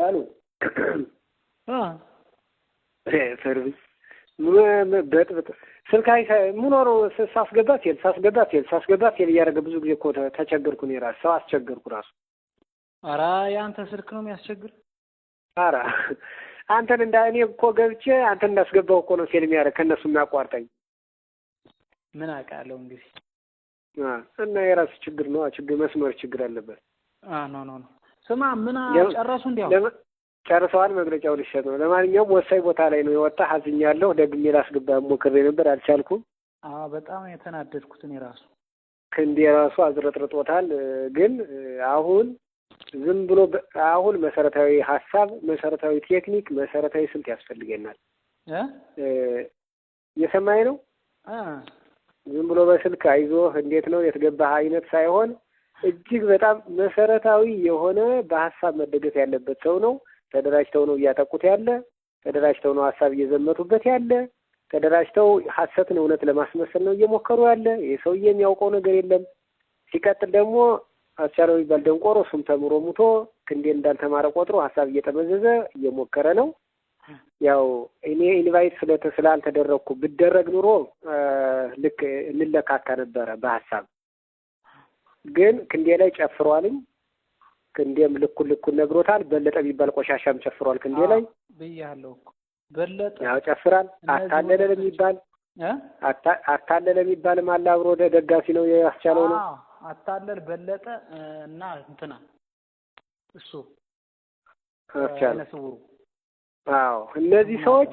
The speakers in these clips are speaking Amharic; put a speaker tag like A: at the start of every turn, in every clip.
A: ያሉ ሰርቪስ በጥብጥ ስልክ ምኖሮ ሳስገባ ሴል ሳስገባ ሴል ሳስገባ ሴል እያደረገ ብዙ ጊዜ እኮ ተቸገርኩ። እኔ ራሱ ሰው አስቸገርኩ ራሱ።
B: ኧረ የአንተ ስልክ ነው የሚያስቸግር።
A: ኧረ አንተን እንደ እኔ እኮ ገብቼ አንተን እንዳስገባው እኮ ነው ሴል የሚያደርግ ከእነሱ የሚያቋርጠኝ።
B: ምን አውቃለሁ እንግዲህ
A: እና የራሱ ችግር ነው ችግር መስመር ችግር አለበት።
B: ኖ ኖ ነው ስማ ምን ጨረሱ? እንዲያው
A: ጨርሰዋል። መግለጫው ሊሸጥ ነው። ለማንኛውም ወሳኝ ቦታ ላይ ነው የወጣ። ሀዝኛለሁ። ደግሜ ላስገባ ሞክሬ ነበር፣ አልቻልኩም።
B: በጣም የተናደድኩት እኔ ራሱ
A: ክንዴ ራሱ አዝረጥርጦታል። ግን አሁን ዝም ብሎ አሁን መሰረታዊ ሀሳብ፣ መሰረታዊ ቴክኒክ፣ መሰረታዊ ስልት ያስፈልገናል። እየሰማኝ ነው። ዝም ብሎ በስልክ አይዞህ እንዴት ነው የትገባህ አይነት ሳይሆን እጅግ በጣም መሰረታዊ የሆነ በሀሳብ መደገፍ ያለበት ሰው ነው። ተደራጅተው ነው እያጠቁት ያለ፣ ተደራጅተው ነው ሀሳብ እየዘመቱበት ያለ፣ ተደራጅተው ሀሰትን እውነት ለማስመሰል ነው እየሞከሩ ያለ። ይህ ሰውዬ የሚያውቀው ነገር የለም። ሲቀጥል ደግሞ አስቻለው የሚባል ደንቆሮ እሱም ተምሮ ሙቶ ክንዴ እንዳልተማረ ቆጥሮ ሀሳብ እየጠመዘዘ እየሞከረ ነው። ያው እኔ ኢንቫይት ስለተ ስላልተደረግኩ ብደረግ ኑሮ ልክ እንለካካ ነበረ በሀሳብ ግን ክንዴ ላይ ጨፍሯልኝ። ክንዴም ልኩን ልኩን ነግሮታል። በለጠ የሚባል ቆሻሻም ጨፍሯል። ክንዴ ላይ
B: ብያለሁ በለጠ
A: ያው ጨፍራል። አታለለ የሚባል አታለለ የሚባል አለ አብሮ ደጋፊ ነው ያስቻለው ነው
B: አታለል በለጠ እና እንትና እሱ
A: ስውሩ አዎ እነዚህ ሰዎች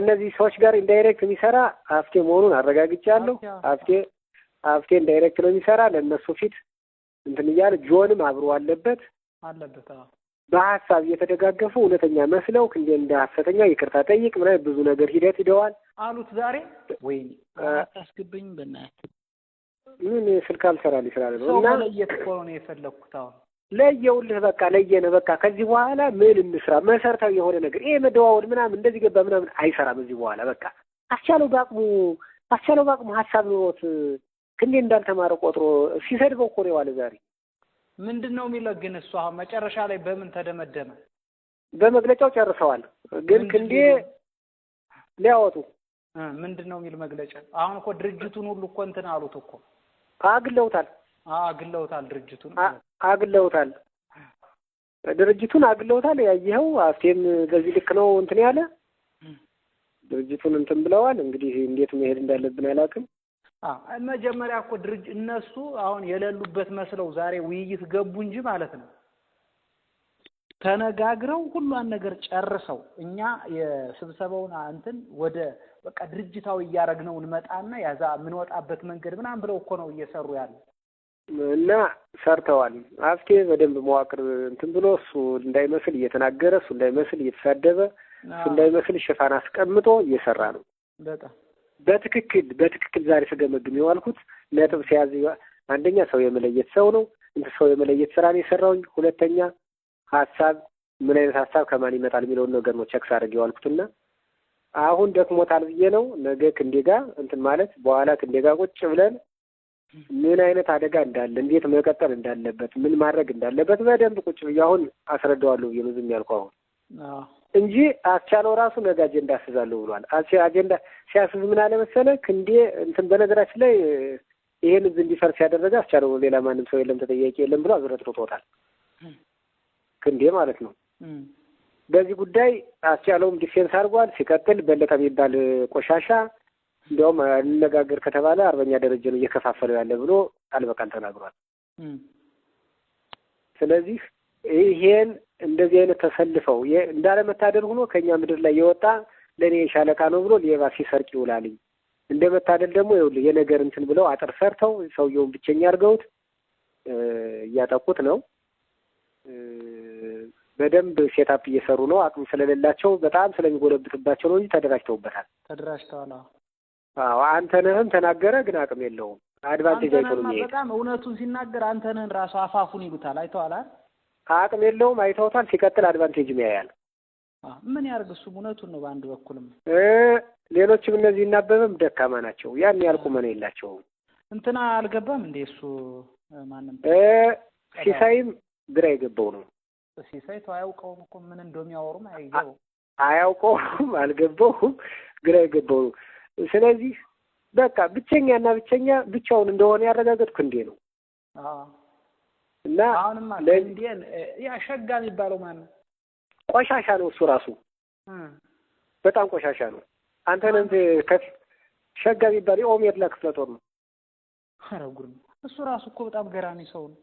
A: እነዚህ ሰዎች ጋር ኢንዳይሬክት የሚሰራ አፍቴ መሆኑን አረጋግጫለሁ። አፍቴ አፍቴን ዳይሬክት ነው የሚሰራ ለእነሱ ፊት እንትን እያለ ጆንም አብሮ አለበት አለበት በሀሳብ እየተደጋገፉ እውነተኛ መስለው እንደ እንደ ሀሰተኛ ይቅርታ ጠይቅ ምና ብዙ ነገር ሂደት ሂደዋል አሉት። ዛሬ ወይ
B: አታስገብኝ በእናትህ
A: ምን ስልክ አልሰራል ስላለ
B: ነው እና ለየት እኮ ነው የፈለግኩት። አሁን
A: ለየውልህ በቃ ለየነ በቃ ከዚህ በኋላ ምን እንስራ መሰረታዊ የሆነ ነገር ይሄ መደዋወል ምናምን እንደዚህ ገባ ምናምን አይሰራም። እዚህ በኋላ በቃ አስቻለው በአቅሙ አስቻለው በአቅሙ ሀሳብ ኖሮት ክንዴ እንዳልተማረ ቆጥሮ ሲሰድበው እኮ ነው የዋለ። ዛሬ
B: ምንድን ነው የሚለው ግን እሱ አሁን መጨረሻ ላይ በምን ተደመደመ?
A: በመግለጫው ጨርሰዋል። ግን ክንዴ ሊያወጡ
B: ምንድን ነው የሚል መግለጫ አሁን እኮ ድርጅቱን ሁሉ እኮ እንትን አሉት እኮ አግለውታል፣ አግለውታል፣ ድርጅቱን
A: አግለውታል፣ ድርጅቱን አግለውታል። ያየኸው አፍቴም በዚህ ልክ ነው እንትን ያለ ድርጅቱን እንትን ብለዋል። እንግዲህ እንዴት መሄድ እንዳለብን አላውቅም።
B: መጀመሪያ እኮ ድርጅ እነሱ አሁን የሌሉበት መስለው ዛሬ ውይይት ገቡ እንጂ ማለት ነው ተነጋግረው ሁሏን ነገር ጨርሰው እኛ የስብሰባውን እንትን ወደ በቃ ድርጅታዊ እያደረግነው እንመጣና ያዛ የምንወጣበት መንገድ ምናምን ብለው እኮ ነው እየሰሩ ያሉ
A: እና ሰርተዋል። አስኬ በደንብ መዋቅር እንትን ብሎ እሱ እንዳይመስል እየተናገረ እሱ እንዳይመስል እየተሳደበ እሱ እንዳይመስል ሽፋን አስቀምጦ እየሰራ ነው በጣም በትክክል በትክክል ዛሬ ስገመግም የዋልኩት ነጥብ ሲያዝ አንደኛ ሰው የመለየት ሰው ነው እንትን ሰው የመለየት ስራ ነው የሰራውኝ። ሁለተኛ ሀሳብ ምን አይነት ሀሳብ ከማን ይመጣል የሚለውን ነገር ነው ቸክስ አድርግ የዋልኩትና አሁን ደክሞታል ብዬ ነው ነገ ክንዴ ጋ እንትን ማለት በኋላ ክንዴ ጋ ቁጭ ብለን ምን አይነት አደጋ እንዳለ እንዴት መቀጠል እንዳለበት ምን ማድረግ እንዳለበት በደንብ ቁጭ ብዬ አሁን አስረዳዋለሁ ብዬ ነው ዝም ያልኩ አሁን እንጂ አስቻለው ራሱ ነገ አጀንዳ አስዛለሁ ብሏል። አጀንዳ ሲያስዝ ምን አለ ክንዴ እንትን በነገራችን ላይ ይሄን ህዝብ እንዲፈርስ ያደረገ አስቻለው፣ ሌላ ማንም ሰው የለም፣ ተጠያቂ የለም ብሎ አዝረጥርጦታል። ክንዴ ማለት ነው። በዚህ ጉዳይ አስቻለውም ዲፌንስ አድርጓል። ሲቀጥል በለጠ የሚባል ቆሻሻ እንዲያውም እንነጋገር ከተባለ አርበኛ ደረጀ ነው እየከፋፈለው ያለ ብሎ አልበቃል ተናግሯል። ስለዚህ ይሄን እንደዚህ አይነት ተሰልፈው እንዳለመታደል ሆኖ ከእኛ ምድር ላይ የወጣ ለእኔ የሻለቃ ነው ብሎ ሌባ ሲሰርቅ ይውላልኝ። እንደ መታደል ደግሞ ይኸውልህ የነገር እንትን ብለው አጥር ሰርተው ሰውየውን ብቸኛ አድርገውት እያጠቁት ነው። በደንብ ሴታፕ እየሰሩ ነው። አቅም ስለሌላቸው በጣም ስለሚጎለብትባቸው ነው እንጂ ተደራጅተውበታል።
B: ተደራጅተዋል።
A: አዎ አንተነህም ተናገረ፣ ግን አቅም የለውም። አድቫንቴጅ አይቶ ነው የሚሄድ።
B: በጣም እውነቱን ሲናገር አንተነህን ራሱ አፋፉን ይሉታል። አይተዋላል
A: አቅም የለውም። አይተውታል። ሲቀጥል አድቫንቴጅም ያያል።
B: ምን ያርግ እሱም እውነቱን ነው። በአንድ በኩልም
A: ሌሎችም እነዚህ እናበበም ደካማ ናቸው። ያን ያልቁ መን የላቸውም።
B: እንትና አልገባም እንዴ እሱ ማንም
A: ሲሳይም ግራ የገባው ነው።
B: ሲሳይ ተው አያውቀውም እኮ ምን እንደሚያወሩም
A: አያውቀውም፣ አልገባውም፣ ግራ የገባው ነው። ስለዚህ በቃ ብቸኛና ብቸኛ ብቻውን እንደሆነ ያረጋገጥኩ እንዴ ነው። እና
B: አሁንማ እንዲን ያ ሸጋ የሚባለው ማን ነው?
A: ቆሻሻ ነው እሱ ራሱ በጣም ቆሻሻ ነው። አንተ አንተን ከፍ ሸጋ የሚባለው የኦሜድላ ክፍለ ጦር ነው።
B: ኧረ ጉድ ነው እሱ ራሱ እኮ በጣም ገራሚ ሰው ነው።